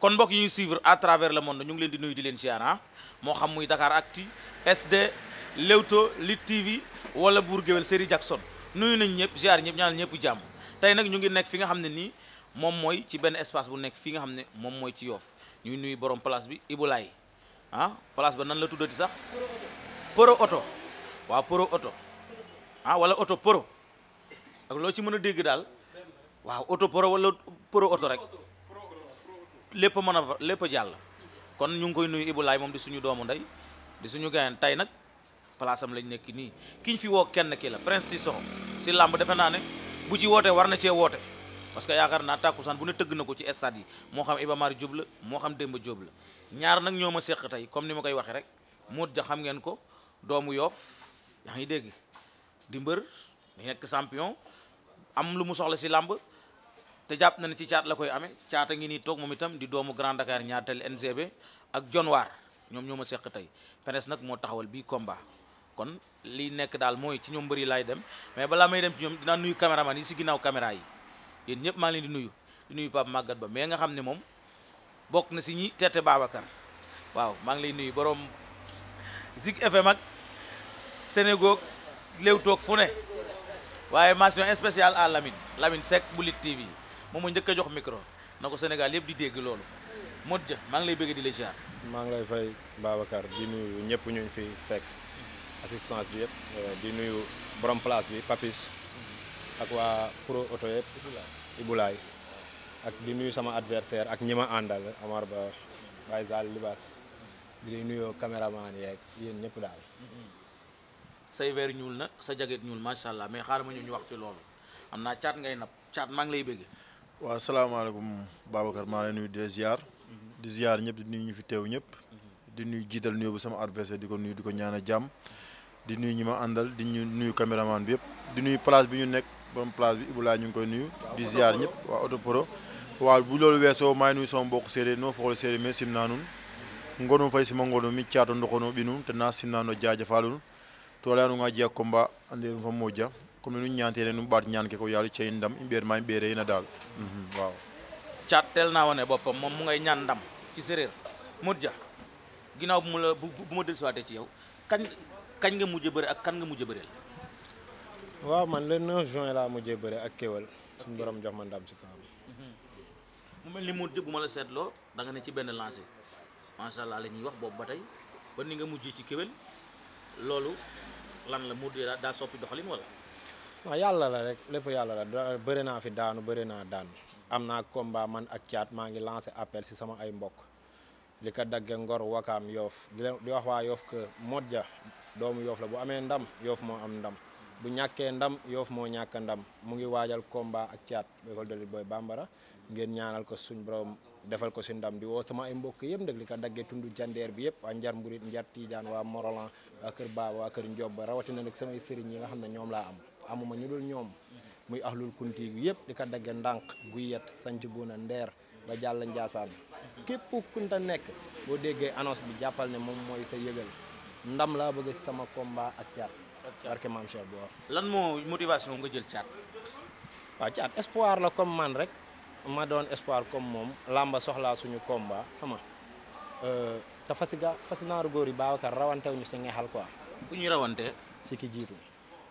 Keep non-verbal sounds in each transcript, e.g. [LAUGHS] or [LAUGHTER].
kon mbokk yu ñuy suivre à travers le monde ñu ngi leen di nuyu di leen ziar ah. moo xam muy Dakar Actu SD Leewtoo Lutte TV wala buur Gueweul Série Jackson nuyu nañ ñëpp ziar ñëpp ñaanal ñëpp jàmm tey nag ñu ngi nekk fi nga xam ne nii moom mooy ci benn espace bu nekk fi nga xam ne moom mooy ci Yoff ñuy nuyu borom place bi Ibulaay ah place ba nan la tuddati sax Poro Oto waa Poro Oto ah wala Oto Poro ak loo ci mën a dégg daal waaw Oto Poro wala Poro Oto rek lépp a mën a lépp a jàll kon ñu ngi koy nuyu Ibou Laye moom di suñu doomu ndey di suñu gayan tey nag place am lañ nekk nii ki fi woo kenn ki la Prince Sissoko si làmb defe naa ne bu ci wootee war na cee woote parce que yaakaar naa tàkkusaan bu ne tëgg na ko ci stade yi moo xam Iba Mar Diop la moo xam Demba Diop la ñaar nag ñoo ma séq tey comme ni ma koy waxee rek Modou Dia xam ngeen ko doomu yoof yaa ngi dégg di mbër di nekk champion am lu mu soxla si làmb te jàpp na ne ci caat la koy amee caata ngi nii toog moom itam di doomu Grand Dakar ñaareel NGB ak John Waar ñoom ñoo ma seq tey Prince nag moo taxawal bii combat kon li nekk daal mooy ci ñoom mbëri laay dem mais balaa may dem ci ñoom dinaa nuyu caméraman yi si ginnaaw caméra yi yéen ñëpp maa ngi leen di nuyu di nuyu Pape Maguette Ba mais nga xam ne moom bokk na si ñi teete Babacar waaw maa ngi lay nuyu borom Zik FM ak Sénégo léew toog fu ne waaye mention spéciale à Lamine Lamine Seck bu Lutte TV mo mo njëkk jox micro nako ko Sénégal yëpp di dégg loolu modja Dia ngi lay bëgg di la ziar. maa ngi lay fay Babacar di nuyu ñëpp ñuñ fi fekk assistance bi yëpp euh, di nuyu borom place bi Papis ak waa pro auto yëpp Iboulaay ak di nuyu sama adversaire ak ñi ma àndal Amar Ba Baye Libas di nuyoo caméraman yeeg yéen ñëpp daal. say weer ñuul na sa jaget ñuul macha allah mais xaaral ma ñu ñu wax ci loolu am naa caat ngay nap caat maa ngi lay bëgg. waa salaamaaleykum Babacar maa lay nuyu di ziar mhm. di ñëpp di nuyu ñu fi teew ñëpp mhm. di nuyu jiital nuyu bu sama adversaire di ko nuyu di ko ñaan a jàmm di nuyu ñi ma àndal di ñu nuyu caméraman bi yëpp di nuyu place bi ñu nekk borom place bi Ibulaa ñu ngi koy nuyu di ziar ñëpp waa Otoporo waaw bu loolu weesoo maa ngi nuyu sama mbokk séeréer noo foxol séeréer mais sim naa nun mhm. ngono fay sima ngono mi caato ndoxono ɓinum te naa sim naa no jaajafaalun to leyanu nga jeya combat kono nu ñaantene nu baat ñaan ke ko yalla cey ndam imbeer ma imbeere ina dal mhm, waaw ciatel na wone bopam mom mu ngay ñaan ndam ci sereer modja ginaaw bu la bu ma del soité ci yow kañ kañ nga mujjé bëri ak kan nga mujjé bëri waaw man le 9 juin la mujjé bëri ak kewal suñu borom jox ma ndam ci kawam mhm. mu melni modja bu ma la sétlo da nga ne ci benn lancer ma lañuy wax bobu batay ba ni nga mujjé ci kewel lolu lan la modja da soppi doxalin wala ma yalla la rek yalla yalla la bëri naa fi daanu bëri naa daanu am naa combat man ak caat maa ngi appel si sama ay mbokk li ko dagge ngor wakaam yoof di leen wax waa yoof que Modja doomu yof la bu amee ndam yoof moo am ndam bu ñàkkee ndam yoof moo ñàkk ndam mu ngi waajal combat ak caat école de Boy Bambara ngeen ñaanal ko suñ borom defal ko si ndam di woo sama ay mbokk yëpp nag li ko daggee tund jandeer bi yëpp waa njar mburit njar tiijaan waa morolan waa kër baba waa kër njob rawatina nag yi nga xam ne ñoom am amuma ñu dul ñoom muy ahlul kunti gi yépp di ko dagge ndànk guyet sanc buuna ndeer ba jàll njaasaan képp kunta nek bo déggee annonce bi jappal ne mom moy sa yëgal ndam la bëgg sama combat ak caat barke mam cheikh bo lan mo motivation nga jël caat wa caat espoir la comme man rek ma doon espoir comme mom lamba soxla suñu combat xama euh ta fasiga fasinaaru góor yi rawante rawantewuñu si ngexal quoi fu rawante si ki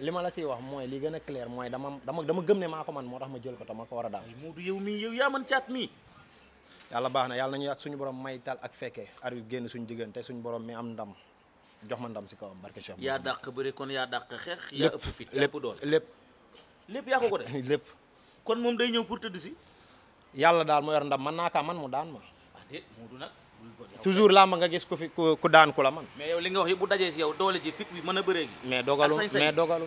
lima la ci wax moy li gëna clair moy dama dama dama gëm ne mako man motax ma jël ko tamako wara ko war a daal Modou yow mi yow ya man chat mi yalla baxna yalla nañu ak suñu borom may tal ak fekkee arbitre genn suñu diggante suñu borom mi am ndam jox ma ndam ci kawam barké Cheikh ya dakk bëri kon ya dakk xex ya ëpp fit lepp dool lepp lepp ya ko ko lepp [LAUGHS] kon mom day ñëw pour tëdd si yalla daal mo yor ndam man naka man mu daan ma ah Modou nak toujours làmb nga gis ku fi ku daan ku la man mais yow li nga wax yëpp bu dajee si yow doole ji fit bi mën a bëree gi mais dogalu mais dogalu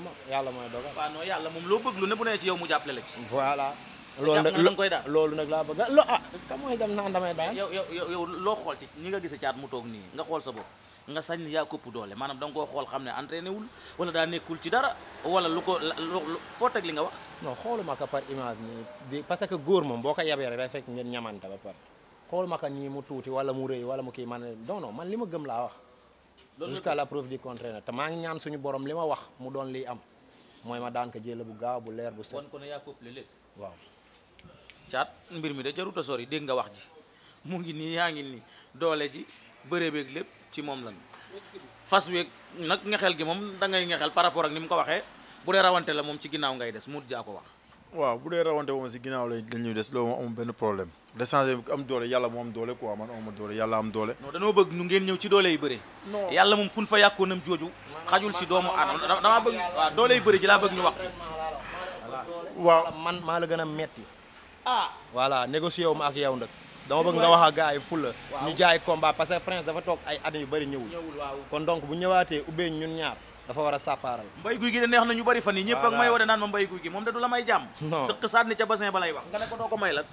loo lo ah ka mooy dem naan damay loo xool ci ñi nga gise caat mu toog nii nga xool sa bopp nga sañ ni yaa këpp doole maanaam da xool xam ne entraîné wul wala daa nekkul ci dara wala lu ko foo teg li nga wax non xooluma ko par image nii parce que góor moom boo ko yabee rek day fekk ngeen ñamante ba pare xol maka ka mu tuti wala mu reuy wala mu ki man non non man lima ma gëm wax jusqu'à la preuve du contraire te ma ngi ñaan suñu borom li wax mu doon li am moy ma daan ka jëla bu gaaw bu leer bu set. kon ko waaw mbir mi da jarut a sori deg nga wax ji mu ngi ni yaangi ni doole ji bëree ak lepp ci mom lañ fas weeg nag ngexel gi mom da ngay ngexel par rapport ak nim ko waxe bu re rawante la mom ci ginaaw ngay dess mu ko wax waaw bu dee rawante moom si ginnaaw la ñuy des loolu moom amul benn problème l'essentiel am doole yàlla moom am doole quoi man amuma doole yàlla am doole non dañoo bëgg nu ngeen ñëw ci doole yi bëre yàlla moom kun fa yàkkoonam jooju xajul si doomu aadama damaa doole yi bëre ji laa ñu wax waaw man maa la gën a metti ah voilà négocier wu ma ak yow nag dama bëgg nga wax ak gars yi fulla ñu jaay combat parce que prince dafa toog ay at yu bëri ñëwul kon donc bu ñëwaatee ubbee ñun ñaar dafa wara saparal mbay guuy gi de neex na ñu bari fa ni ñepp ak may wone naan ma mbay guuy gi mom de du la may jàmm saat ni ca bassin ba lay wax nga ne ko doko may lat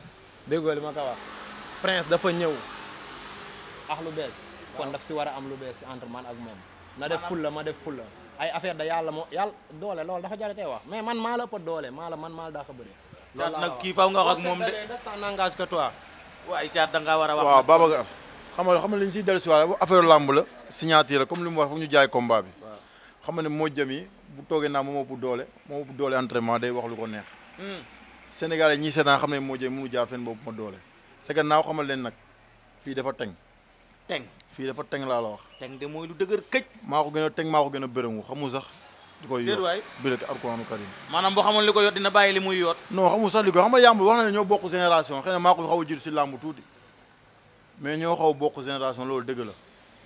deggol li ma ka wax prince dafa ñew ax lu bes kon daf ci wara am lu bes si entre man ak mom na def la ma def la ay affaire da yalla mo yalla doole loolu dafa jare tay wax mais man mala la doole mala man maa da daa ko bëri loolu nag faaw nga wax ak mom de en engage que toi way caat da nga wara wax waaw baba xamal xamal liñ ci li ñu affaire lamb la signature la comme li mu wax fu ñu jaay combat bi xam nga ne mojjam yi bu toogee naa moom ëpp doole moom ëpp doole entraînement day wax lu ko neex. Hmm. Sénégalais ñi seetaan xam ne moo mojjam mënu jaar fenn boobu ma doole. sa gannaaw xamal leen nag fii dafa teng. teng fii dafa teng laa la wax. teng de mooy lu dëgër këj. maa ko gën a teng maa ko gën a bërëngu xamul sax. di koy yoot bi rek alquranu karim maanaam boo xamoon li ko yoot dina bàyyi li muy yoot non xamul sax li koy xam nga wax na ne ñoo bokk génération xëy na maa ko xaw a jiitu si mais ñoo xaw bokk génération loolu dëgg la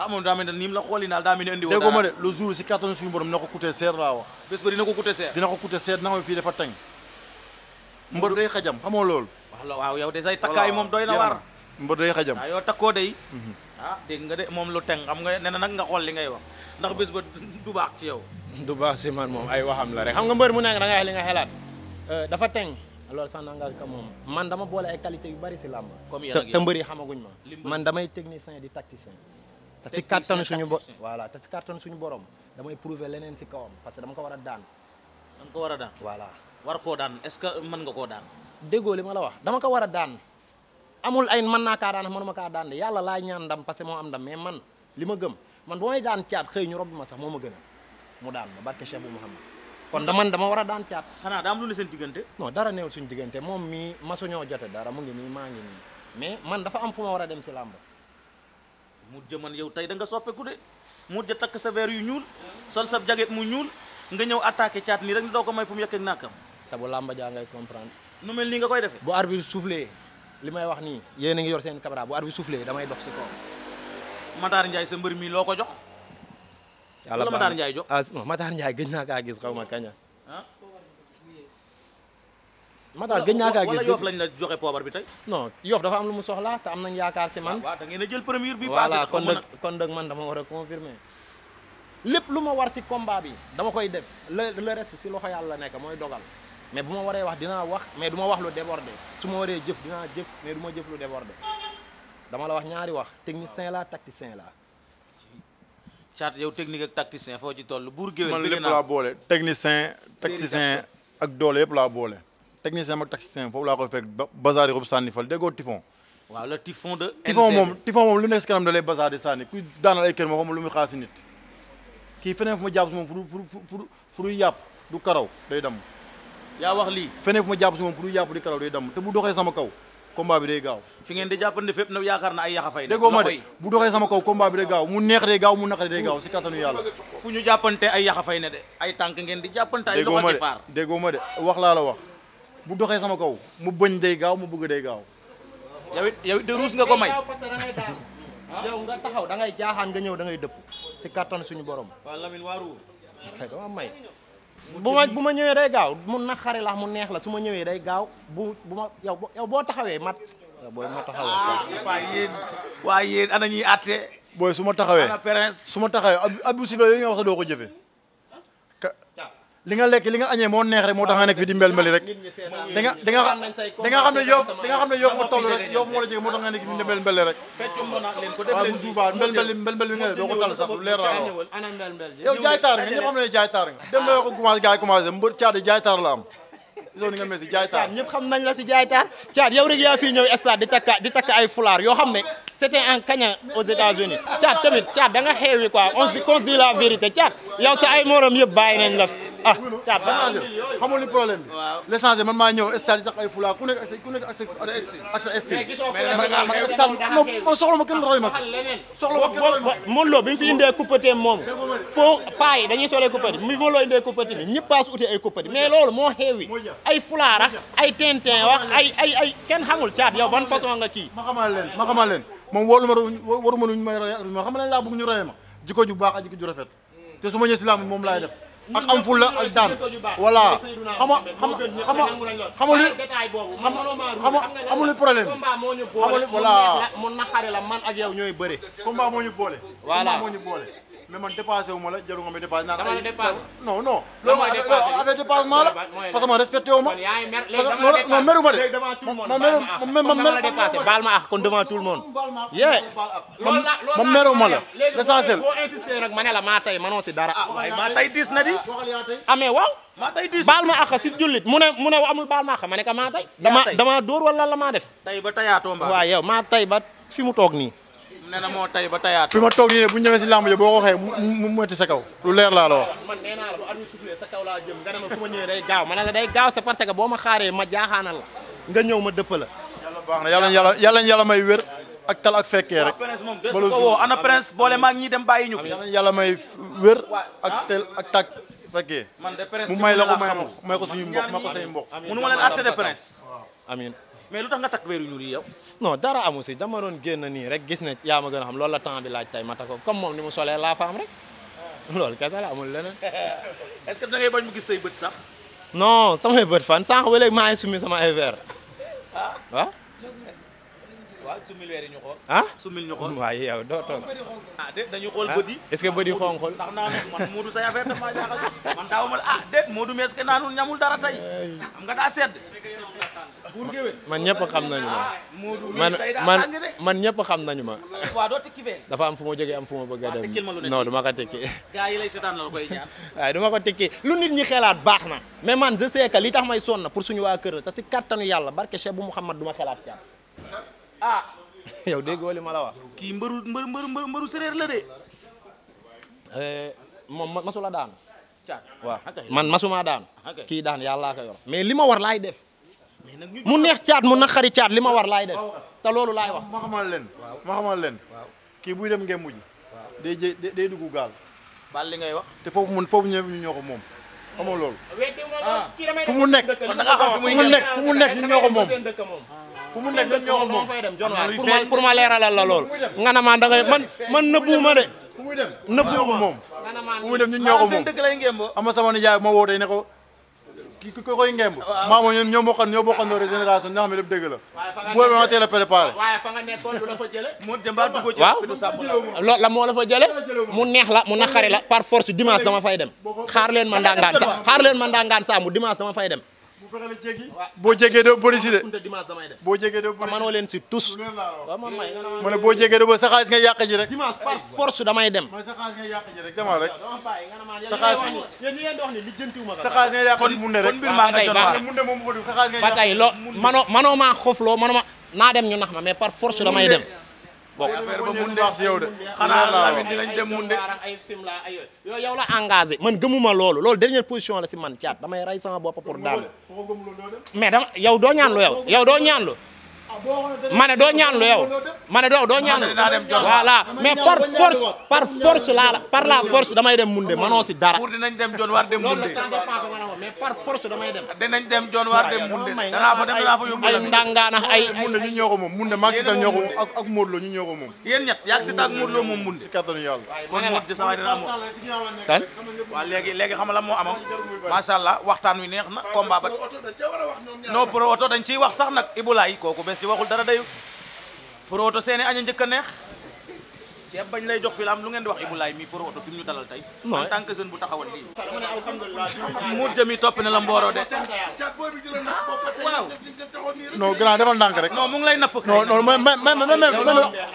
ah moom ni mu la daa mel ni indi woo déggoo ma de le jour si kattanu suñu borom dina wax bés mbër day xajam xamoo loolu waaw yow de say takkaay moom doy na waar mbër day xajam waaw ah, yow takkoo day mhm. ah dégg nga de moom lu teng xam nga nee na nag nga xool li ngay wax ndax bés ba du baax ci yow du baax si man moom ay waxam la rek xam nga mbër mu nekk da nga wax li nga xelaat euh, dafa teng loolu sax nangaal ka moom man dama boole ay qualité yu bari si làmb te mbër yi xamaguñ ma man damay technicien di tacticien te si kàttan suñu te si kàttan suñu borom damay prouver leneen si kawam parce que dama ko war a daan. dama ko war a daan voilà. war koo daan est-ce que mën nga koo daan. déggoo li ma la wax dama ko war a daan amul ay mën naa kaa daan ma kaa daan de yàlla laa ñaan dam parce que moo am ndam mais man li ma gëm man bu may daan caat xëy ñu rob ma sax moo ma gën a mu daan ma barke Cheikh bu Mouhamad kon dama dama war a daan caat. xanaa daa am lu ne seen diggante. non dara neewul suñu moom mii masuñoo jote dara mu ngi nii maa ngi man dafa am fu ma war a dem si làmb mujj man yow tey danga nga soppeeku de mujj takk sa verre yu ñuul sol sa jaget mu ñuul nga ñëw attaqué caat nii rek doo ko may fu mu yekkeeg nàkkam te bu làmba jaa ngay comprendre nu mel nii nga koy defee bu arbitre soufflé li may wax nii yéen a ngi yor seen caméra bu arbitre soufflé damay dox si kaw Matar Ndiaye sa mbër mi loo ko jox yàlla Matar Ndiaye jox ah Matar Ndiaye gëj naa kaa gis xaw ma kaña Matar gëj naa kaa gis wala Yoff la joxe poobar bi tey non Yoff dafa am lu mu soxla te am nañ yaakaar si man waaw da ngeen a jël première bi voilà kon nag kon nag man dama war a confirmer lépp lu ma war si combat bi dama koy def le le reste si loxo yàlla nekk mooy dogal mais bu ma waree wax dinaa wax mais du ma wax lu débordé su ma waree jëf dinaa jëf mais du ma jëf lu débordé dama la wax ñaari wax technicien la tacticien la caat yow technique ak foo ci toll buur géwél man lépp laa boole technicien tacticien ak doole yëpp laa boole technicien mag taxicien foofu laa koy fekk bazar yi rob sànni fal déggoo typhon waaw le typhon de typhon moom typhon moom lu nekk si kanam da lay bazar di lu muy xaar si fu ma jàpp si moom yàpp du karaw day damm yaa wax lii feneen fu ma jàpp si moom pour yàpp di karaw day damm te bu doxee sama kaw combat bi day gaaw fi ngeen di jàppande fépp na yaakaar na ay yaxafay déggoo ma de bu doxee sama kaw combat bi day gaaw mu neex day gaaw mu naqari day gaaw si kattanu yàlla fu di jàppante ay wax laa la wax bu doxee sama kaw mu bëñ day gaaw mu bëgg day gaaw. yow it yow it de ruus nga ko may. yow nga taxaw da ngay jaaxaan nga ñëw da ngay dëpp. ci kattan suñu borom. waaw Lamine waaru. dama bu ma bu ma ñëwee day gaaw mu naqari la mu neex la su ma ñëwee day gaaw bu bu ma yow yow boo taxawee mat. booy ma taxawee. Ah, ñuy àtte. booy su ma taxawee ana prince su taxawee ab ab bu yooyu nga wax doo ko jëfee. li nga lekk li nga añee moo neex rek moo tax nga nekk fi di mbel mbeli rek da nga da nga da nga xam ne yoof da nga xam ne yoof nga toll rek yoof moo la jege moo tax nga nekk fi di mbel mbeli rek waaw bu suubaa mbel mbeli mbel mbel bi nga ne doo ko tal sax lu leer la yow jaay taar nga ñëpp xam ne jaay taar nga dem la ko commencé gars yi commencé mbër caadi jaay taar la am zone nga mel si jaay taar ñëpp xam nañ la si jaay taar caat yow rek yaa fii ñëw stade di takka di takka ay fulaar yoo xam ne c'était en Kenya aux États-Unis caat tamit caat da nga xeewi quoi on se dit la vérité caat yow sa ay morom yëpp bàyyi nañ la fi ah caat ba changé xamul ni man maa ñëw stade di tax ay fula ku nekk ak sa ku nekk ak sa ak sa stade. man soxla ma kenn roy ma soxla ma kenn roy ma si. Modou Lo bi mu foo paa dañuy solee coupé bi Modou Lo a uti ay coupé mais loolu moo xeewi ay fulaar ak ay tintin wax ay kenn xamul caat yow ban façon nga kii. moom laa bëgg ak am fulla ak daan voilà xama xama xama xama lu xama xama lu problème xama lu voilà mu naxare la man ak yow ñooy bëre combat moo ñu boole voilà moo ñu boole mais man dépassé wu ma la jaru nga ma dépassé naan ay non non loolu affaire dépassement la parce que man respecté wu ma non meru ma ma ak kon devant ma la l'essentiel ma ne la maa tey manoo si dara ah, waaye maa tey diis na di amee ah, waaw maa tey diis baal ma ak si jullit mu ne mu ne amul baal ma ak ma ne ka maa tey damaa dama dóor wala la maa def tey ba teyaatoo mbaa waaw yow maa tey ba fi mu toog nii nee na moo tay ba tayaat. fi ma toog nii bu ñu ñëwee si làmb ja boo ko waxee mu mu métti sa kaw. lu leer laa la wax. man nee la bu arbitre soufflé sa kaw laa jëm nga ne ma su day gaaw ma ne day gaaw c'est parce que boo ma xaaree ma jaaxaanal la nga ñëw ma dëpp la. yàlla baax na yàlla yàlla yàlla yàlla may wér ak tal ak fekkee rek. ba la suuf ana prince boole maa ngi ñuy dem bàyyi ñu fi. yàlla yàlla may wér ak tel ak tak fekkee. man de prince mu may la ko may ko suñu mbokk may ko mbokk. mu ma leen àtte de prince. amiin mais lu tax nga takk weer yu ñuul yi yow non dara amu si dama doon génn nii rek gis ne yaa ma gën a xam loolu la temps bi laaj tey ma takko comme moom ni mu solee laa fa rek ah. loolu kese la amul leneen [LAUGHS] est que da ngay bañ mu gis say bët sax no samay bët fan sànq ba léegi maa ngi summi sama ay verre ah. ah? ah sumil ñu xool waaye doo toog ah, ah déet dañu xool ah, bët yi est-ce que bët yi xonqul ndax naa ah, ñamul dara tey xam nga daa ñëpp xam nañu ma man man man ñëpp xam nañu ma waaw doo tekki fee dafa am fu ma jógee am a dem non du ma ko tekki gars [LAUGHS] waaye du ma ko tekki lu nit ñi xelaat baax na mais man je sais que li tax may sonn pour suñu waa kër la te si kattanu yàlla barke Cheikh bu mu xam ma duma xelaat caat ah [LAUGHS] yow déggoo li ma la wax. kii mbëru mbëru mbëru mbëru séréer la de. Eh, moom masula daan. caat waaw ah, man masuma daan. Ah, kii daan yàllaa ko yor. mais li ma war laay def. mu neex caat mu naqari caat li ma war laay def. te loolu laay wax. ma xamal leen. ma xamal leen. kii buy dem ngeen mujj. day jé gaal. baal li ngay wax. te foofu mun foofu ñëw ñu ñoo ko moom. xamoo loolu. Ah. mu nekk fu mu nekk fu mu nekk ñu ñoo ko moom. ku mu nekk ñoo moom fay pour ma pour ma leeralal la lool nga na ma da ngay man man nëbbuuma de ku muy dem nëbbuuma ko moom ku muy dem ñoo ko moom ama sama nijaay moo wootee ne ko ki ko koy ngemb ah, ah. maa ñoo bokkoon ñoo bokkoon de génération ñoo xam ne la boo a préparé waaye fa nga nekkoon lu la fa jële moo dem ba dugg ci loolu la moo la fa jële mu neex la mu naqari la par force dimanche dama fay dem xaar leen ma ndangaan sa xaar leen ma ndangaan sa mu dimanche dama fay dem faral a boo jégee doo bëri de boo leen si tous waaw may ma boo jégee doo bëri sa xaalis nga yàq ji rek dimanche par force damay dem sa xaalis nga yàq ji rek demal rek sa xaalis mun ne rek kon mbir maa ngay baax mun ne moom fa loo manoo manoo maa xofloo manoo ma naa dem ñu nax ma par force damay dem bokk affaire ba mun de wax si yow de xanaa tamit dem mun de ay la ay yooyu yow la engagé man gëmuma loolu loolu dernière position la si man caat damay rey sama bopp pour daanu mais dama yow doo ñaan lu yow yow doo ñaan lu ma ne doo ñaanlu yow ma ne doo doo ñaanlu voilà mais par force par force laa la par la force damay dem munde manoo si dara. pour dinañ dem John war dem munde mais par force damay dem. dinañ dem John war dem munde danaa fa dem danaa fa yóbbu ay ndàngaana ay munde ñu ñoo ko moom munde maa si ñoo ko ak ak Modou Lo ñu ñoo ko moom. yéen ñett yaa ngi si taag Modou Lo moom munde. si kattanu yàlla. kon Modou sa waay dina amoo kan. waaw léegi léegi xam la moo amam macha allah waxtaan wi neex na combat ba no pro oto dañ ciy wax sax nag Ibou Laye kooku bés ci waxul dara dayu pour auto seeni aña njëkk neex ceeb bañ lay jox fi la am lu ngeen di wax Ibou mi pour auto fi ñu dalal tay en eh. tant que jeune bu taxawal li mu jëmi top na la mboro de ah, no, grand defal dank rek non mu ngi lay nap no, non non may may may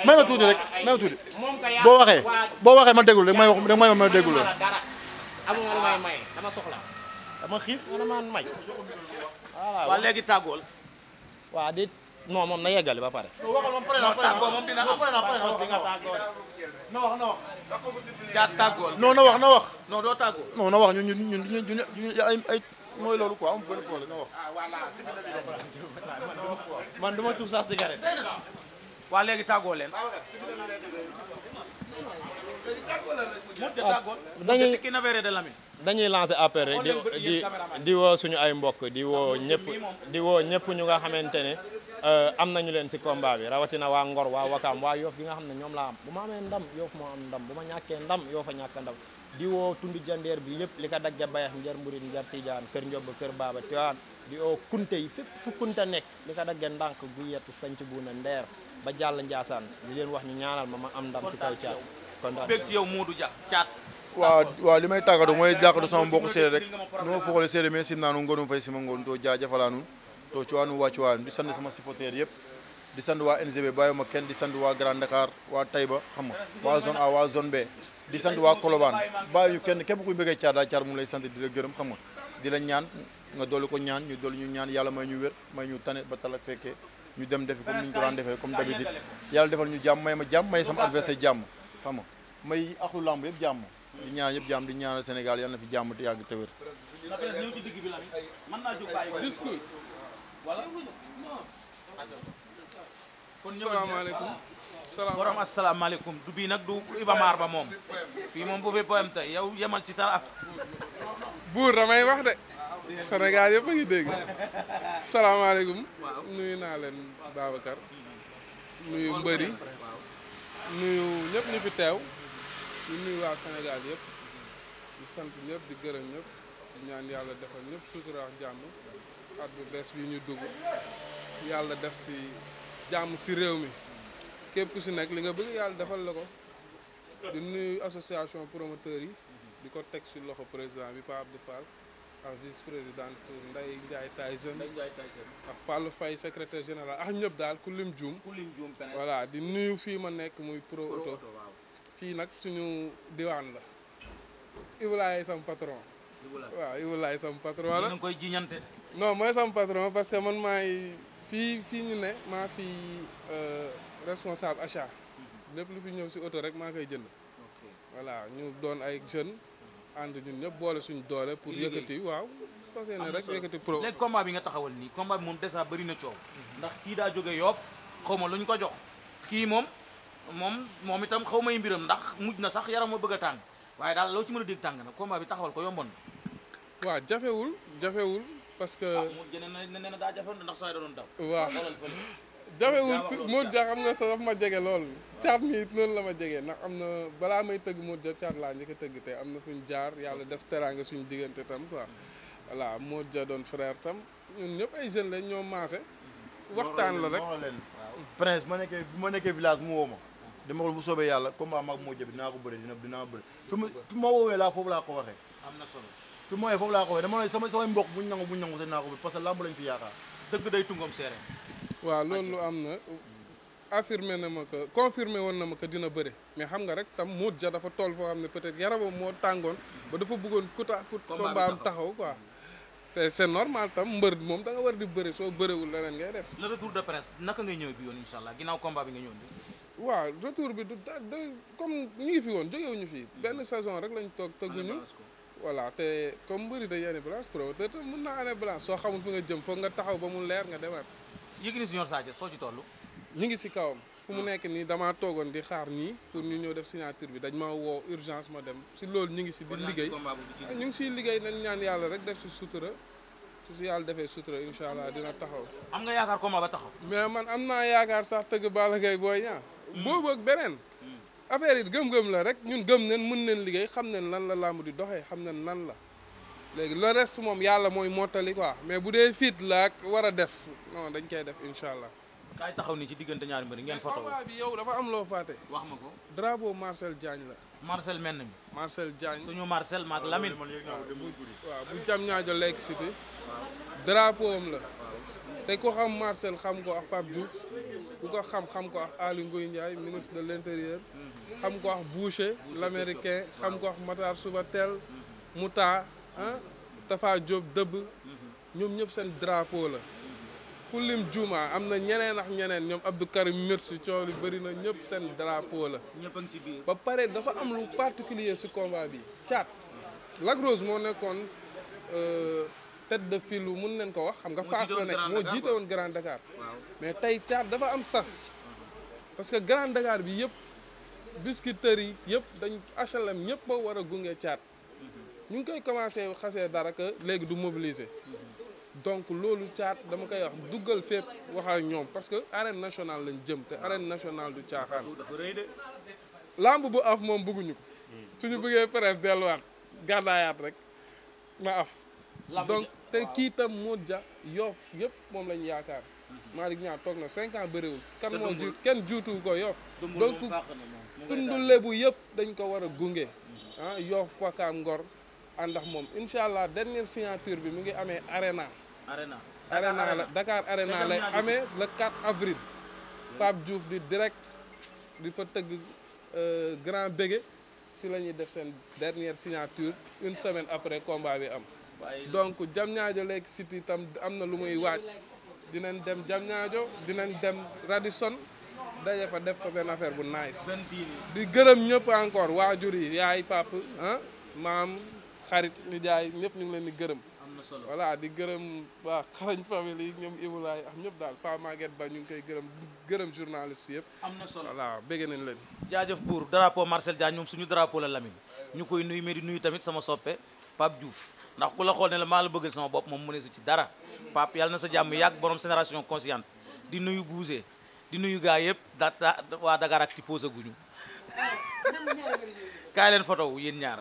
may tuuti rek may ma tuuti boo waxee boo ma déglu rek may wax rek may ma ma déglu rek may may dama soxla dama xiif nga ne may may waaw léegi tàggool waaw non moom na yeggali ba pare. non waxal moom pare naa pare naa moom dina am non non. caa tàggoo la. non na wax na wax. non doo tàggoo. non na wax ñun ñun ñun ñu ñu ñu ay ay mooy loolu quoi am benn problème na wax. Ah, man du ma tuub sax cigarette. waa léegi tàggoo leen. dañuy dañuy lancer appel rek di di di woo suñu ay mbokk di woo ah, ñëpp di woo ñëpp ñu nga xamante ne. Euh, am nañu leen si combat bi rawatina waa Ngor waa Wakaam waa Yoof gi nga xam ne ñoom laa am bu ma amee ndam Yoof moo am ndam bu ma ñàkkee ndam Yoof a ñàkk ndam di woo tund jandeer bi yëpp li ko dagge bayax njar mburit njar tijaan kër njob kër baaba tiwaan di woo kunte yi fépp fu kunte nekk li ko dagge ndànk gu yettu sanc buuna ndeer ba jàll njaasaan li leen wax ñu ñaanal ma ma am ndam si kaw caat kon yow Modou Dia caat waaw waaw li may tàggatu mooy jàkkatu sama mbokk séeréer rek nu ma foogale séeréer mais sim naanu ngonu fay sima ngoon to Tivaouane waa Tivaouane di sant sama supporter yëpp di sant waa NGB bàyyiwuma kenn di sant waa Grand Dakar waa Taïba xam nga waa zone A waa zone B di sant waa Colobane bàyyiwuñu kenn képp kuy bëggee Thiar daal Thiar mu lay sant di la gërëm xam nga di la ñaan nga dolli ko ñaan ñu dolli ñu ñaan yàlla may ñu wér may ñu tane ba talak fekkee ñu dem defi comme ni ñu ko daan defee comme d'habitude yàlla defal ñu jàmm may ma jàmm may sama adversaire jàmm xam nga may axlu lamb yëpp jàmm di ñaan yëpp jàmm di ñaanal Sénégal yàlla na fi jàmm te yàgg te wér wala kon salaamaaleykum salaam borom du bii nag du Iba Mar ba moom fii moom bu fi poème tey yow yemal ci sa buur damay wax de Sénégal yëpp a ngi dégg salaamaaleykum nuyu naa leen Babacar nuyu mbëri nuyu ñëpp ñu fi teew ñu nuyu waa Sénégal yëpp di sant ñëpp di gërëm ñëpp di ñaan yàlla defal ñëpp sutura jàmm at bu bees bi ñu dugg yàlla def si jàmm si réew mi képp ku si nekk li nga bëgg yàlla defal la ko di nuyu association promoteur yi di ko teg si loxo président bi Pape Abdou Fall ak vice présidente Ndeye Ndiaye Tyson ak Fallou Faye secrétaire général ak ñëpp daal ku lim juum voilà di nuyu fii ma nekk muy pro auto fii nag suñu diwaan la sam patron waaw Ibulaay sama patron la na koy jiñante non mooy sama patron parce que man maay fii fii ñu ne maa fi euh, responsable achat lépp lu fi ñëw si oto rek maa koy jënd voilà ñu doon ay jeunes ànd ñun ñëpp boole suñu doole pour yëkkati waaw parce que ne rek yëkkati pro léegi combat bi nga taxawal nii combat bi moom déjà bëri coow ndax kii daa jóge yoof xaw ma lu ñu ko jox kii moom moom moom itam xaw may mbiram ndax mujj na sax yaram ma bëgg a tàng waaye daal loo ci mën a na combat bi taxawal ko yomboon waaw jafewul jafewul parce que. ah mu nee daa jafewul ndax sooy doon waaw jafewul si Modou Dia xam nga sa daf ma jege lool. caat mi it la ma jege ndax am na balaa may tëgg moo Dia caat laa njëkk a tëgg te am na fu ñu jaar yàlla def teraanga suñu diggante tam waa voilà moo Dia doon frère tam ñëpp ay jeunes lañ ñoo maase. waxtaan la rek prince ma nekkee ma nekkee village mu woo ma dama ko bu soobee yàlla combat mag moo jëbi dinaa ko bëri dina dinaa bëri fi ma woowee laa foofu laa ko waxee na solo fi moy foofu la ko wee dama lay sama sama mbokk buñ nangou buñ nangou te nako parce que lamb lañ fi yaaka deug day tungom seere wa lolou am na affirmé na ma que confirmé woon na ma que dina beure mais xam nga rek tam Modou ja dafa toll fo xam peut-être yaramam mo tangone ba dafa bëggone kuta kut ku combat am taxaw quoi té c'est normal tam mbeur mom da nga war di bëre soo bërewul leneen ngay def le retour de presse naka ngay ñëw bi yoon inshallah ginaaw combat bi nga ñëw bi wa retour bi du comme ñi fi won jëgëw ñu fi ben saison rek lañ tok teggu ñu voilà te comme mbëri dañuy année blanche promoteur te mën naa année blanche soo xamul fi nga jëm foog nga taxaw ba mu leer nga demaat. Yékini Junior Sa Thiès foo ci toll. ñu ngi si kawam. fu mu hmm. nekk nii damaa toogoon di xaar ñii pour ñu ñëw def signature bi dañ ma woo urgence ma dem si loolu ñu ngi si di liggéey ñu ngi siy liggéey nañ ñaan yàlla rek def si sutura su si yàlla defee sutura incha allah dina taxaw am nga yaakaar combat ba taxaw mais man am naa yaakaar sax tëgg Balla Gaye Boy Niang hmm. boobu ak beneen affaire yi gëm-gëm la rek ñun gëm nañ mën nañ liggéey xam nañ lan la làmb di doxee xam nañ lan la léegi le reste moom yàlla mooy mottali waa mais bu dee fit la ak war a def non dañ koy def incha allah. kaay taxaw ni ci diggante ñaari mbir ngeen foto bi yow dafa am loo fàtte. wax ma ko drapeau Marcel Diagne la. Marcel menn mi. Marcel Diagne suñu Marcel ma Lamine. waaw bu jam ñaajo Lake City drapeau am la. te ku xam Marcel xam ko ak Pape Diouf ku ko xam xam ko ak Aly Ngouille Ndiaye ministre de l' intérieur. xam Boucher l'américain xam Matar Soubatel mm-hmm. Mouta hein, Tafa Diop un mm-hmm. drapeau la mm-hmm. ñeneen Abdou Karim Mirsi drapeau particulier combat La Grosse Rose euh, tête de fil. la Grand Dakar mais chat, dafa am sas parce que Grand Dakar biscuiterie yi yëpp dañ HLM ñëpp a war a gunge caat ñu ngi koy commencé xasee dara que léegi du mobiliser donc loolu caat dama koy wax duggal fépp wax ak ñoom parce que arène national lañ jëm te arène nationale du caaxaan. lamb bu af moom bëgguñu ko. suñu bëggee presse delluwaat gàddaayaat rek ma af. donc te kiitam itam moo ja yoof yëpp moom lañ yaakaar. Malick ñaar toog na cinq ans bëriwul. kenn juutu ko yoof donc tundu lebu yëpp dañ ko war gunge ah Yoff Wakaam Ngor ànd ak moom incha allah dernière signature bi mu ngi amee arena arena arena la Dakar arena lay amee le 4 avril Pape Diouf di direct di fa tëgg euh, grand bége si la ñuy def seen dernière signature une semaine après combat bi am donc Diamniadio Lake City tam am na lu muy wàcc dinañ dem Diamniadio dinañ dem Radisson daje fa def fa benn affaire bu nice di gërëm ñëpp encore waa jur yi yaay pap ah maam xarit ñu jaay ñëpp ñu ngi leen di gërëm voilà di gërëm waa xarañ famille yi ñoom ibulaay ak daal Pa Maguette Ba ñu ngi koy gërëm di gërëm journaliste yëpp am na solo voilà bégg nañ leen jaajëf buur drapeau Marcel Diagne moom suñu drapeau la Lamine ñu koy nuyu mais di nuyu tamit sama soppe Pape Diouf ndax ku la xool ne la maa la bëggal sama bopp moom mu ne su ci dara Pape yàlla na sa jàmm yàgg borom sénération consciente di nuyu buuse di nuyu gaa yëpp da waa Dakaractu posé guñu [LAUGHS] kaay leen photo wu yéen ñaar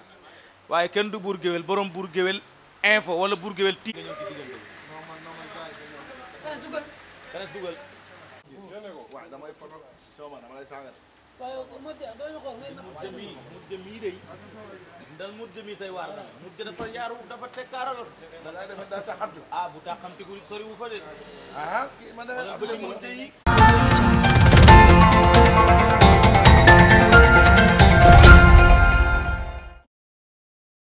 waaye kenn du buur géwél borom buur géwél info wala buur géwél ti waaye Modou Dia doon xool ngay Modou Dia mii Modou Dia mii day ndal Modou Dia mii tey waar na Modou Dia dafa yaaru dafa teg kaaraloon da dafa da taxamtu ah bu taxamtiku sori wu fa de ah man da bu Modou Dia yi